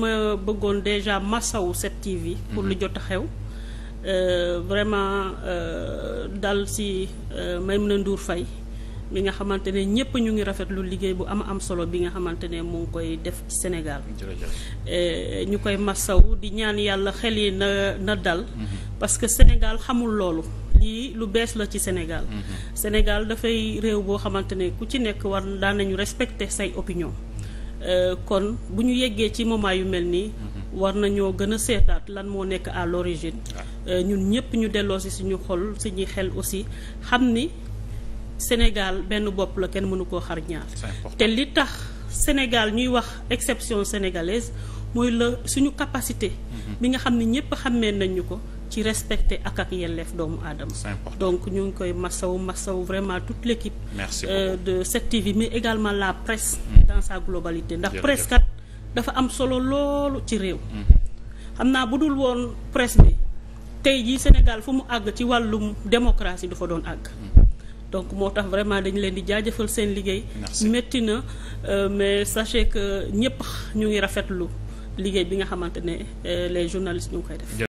ma bëggoon déjà massawu 7TV. pour lu mhm. jot a xew. Euh, vraiment euh, dal si euh, Maimouna nduur Faye mi nga xamante ne ñëpp ñu ngi rafet lu liggéey bu am am solo bi nga xamante ne mu ngi koy def ci Sénégal. ñu koy massawu di ñaan yàlla xel yi na na dal. Mhm. parce que Sénégal xamul loolu. lii lu bees la ci Sénégal. Mhm. Sénégal dafay réew boo xamante ne ku ci nekk war daan nañu respecter say opinion. Euh, kon bu ñu yeggee ci moment yu mel nii mhm. war nañoo gën a seetaat lan moo nekk à l'origine euh, ñun ñëpp ñu delloo si suñu xol suñuy xel aussi xam ni Sénégal benn bopp la kenn mënu koo xar ñaar te li tax Sénégal ñuy wax exception sénégalaise mooy la suñu capacité mhm. bi nga xam ne ñëpp xammee nañ ñu ko respecté respecter ak ak yelleef doomu aadama donc ñu ngi koy masaw masaw vraiment toute l'équipe euh, de 7TV mais également la presse mm. dans sa globalité ndax presse kat dafa am solo loolu ci réew mm-hmm. xam naa bu dul woon presse bi tey jii Sénégal fu mu àgg ci wàllum démocratie du fa doon àgg mm-hmm. donc moo tax vraiment dañ leen di jaajëfal seen liggéey métti na euh, mais sachez que ñëpp ñu ngi rafetlu liggéey bi nga xamante ne euh, les journalistes ñu ngi koy def